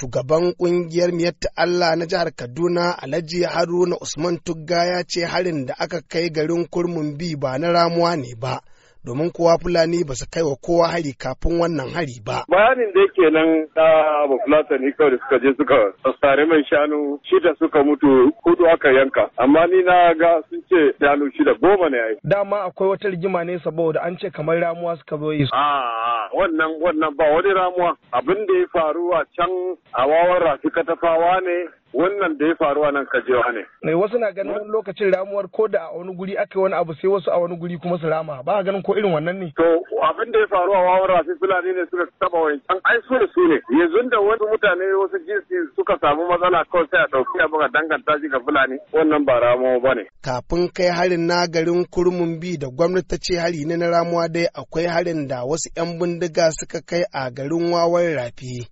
shugaban kungiyar miyatta Allah na jihar Kaduna Alhaji Haruna Usman Tugga ya ce harin da aka kai garin Kurmun bi ba na ramuwa ne ba. domin kowa fulani ba su kai wa kowa hari kafin wannan hari ba. Bayanin da yake nan da Bafulatani kawai da suka je suka tsare man shanu shida suka mutu hudu aka yanka amma ni na ga sun ce shanu shida goma ne ai. Dama akwai wata rigima ne saboda an ce kamar ramuwa suka zo yi. Ah, wannan wannan ba wani ramuwa abin da ya faru a can a wawan rafi katafawa ne wannan da ya faru a nan kajewa ne. Ne wasu na ganin wani lokacin ramuwar ko da a wani guri aka yi wani abu sai wasu a wani guri kuma su rama ba a ganin ko irin wannan ne. To abin da ya faru a wawar rafi fulani ne suka taba wancan ai su su ne yanzu da wasu mutane wasu jinsi suka samu matsala kawai sai a ɗauki abin a danganta shi ga fulani wannan ba ramuwa ba ne. Kafin kai harin na garin kurmin bi da gwamnati ta ce hari ne na ramuwa dai akwai harin da wasu 'yan bindiga suka kai a garin wawar rafi.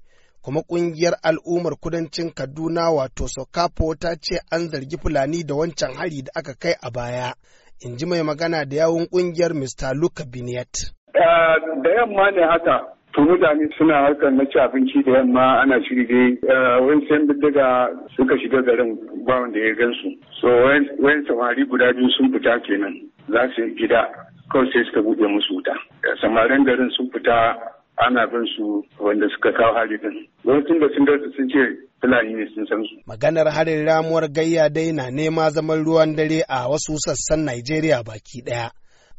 kuma ƙungiyar al'ummar kudancin Kaduna wato Sokapo ta ce an zargi Fulani da wancan hari da aka kai a baya, in ji mai magana da yawun ƙungiyar Mr. Luka Biniyat. Eh, da yamma ne haka, to mutane suna harkar na ci abinci da yamma ana shiri da eh, wani sayan daga suka shiga garin ba wanda ya gansu so wayan samari guda biyu sun fita kenan za su gida kawai sai suka buɗe musu wuta eh, samarin garin sun fita ana bin su wanda suka kawo hari din lokacin da sun dace sun ce fulani ne sun san su maganar harin ramuwar gayya dai na nema zaman ruwan dare a wasu sassan Najeriya baki ɗaya,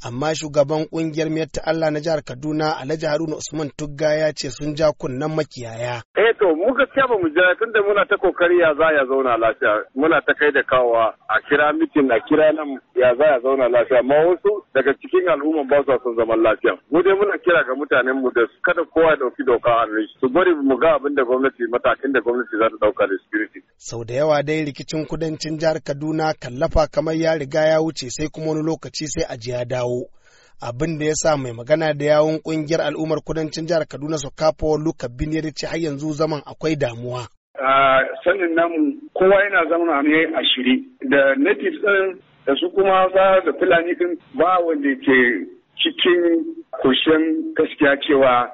amma shugaban kungiyar miyar Allah na jihar Kaduna Alhaji Haruna Usman Tugga ya ce sun ja kunnen makiyaya eh, to mu gaskiya ba mu jira tunda muna ta kokari ya za ya zauna lafiya muna ta kai da kawowa a kira mitin a kira nan ya za ya zauna lafiya amma wasu daga cikin al'umma ba su son zaman lafiya mu dai muna kira ga mutanen mu da su kada kowa ya dauki doka a hannun su bari mu ga abin da gwamnati matakin da gwamnati za ta dauka da security sau da yawa dai rikicin kudancin jihar Kaduna kallafa kamar ya riga ya wuce sai kuma wani lokaci sai a ji ya dawo abin da ya sa mai magana da yawun kungiyar al'ummar kudancin jihar Kaduna Sokapo Luka Biniyar, ce har yanzu zaman akwai damuwa. A sanin namu kowa yana zama ne a shiri da natives din da su kuma ba da fulani din ba wanda ke cikin koshin gaskiya cewa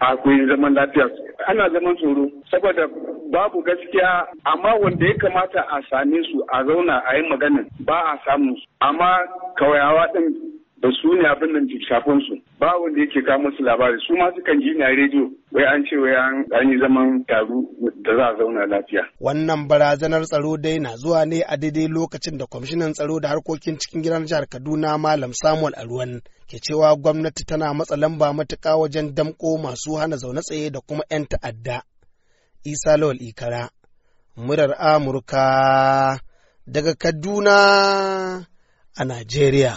akwai zaman lafiya ana zaman tsoro saboda babu gaskiya amma wanda ya kamata a same su a zauna a yin maganin ba a samu amma kawayawa din da su ne abin nan ke shafin su ba wanda yake kawo musu labari su ma sukan ji na rediyo wai an ce wai an yi zaman taru da za a zauna lafiya. Wannan barazanar tsaro dai na zuwa ne a daidai lokacin da kwamishinan tsaro da harkokin cikin gidan jihar Kaduna Malam Samuel Aruwan ke cewa gwamnati tana matsa lamba matuƙa wajen damƙo masu hana zaune tsaye da kuma 'yan ta'adda. Isa Lawal Ikara, murar Amurka daga Kaduna a Najeriya.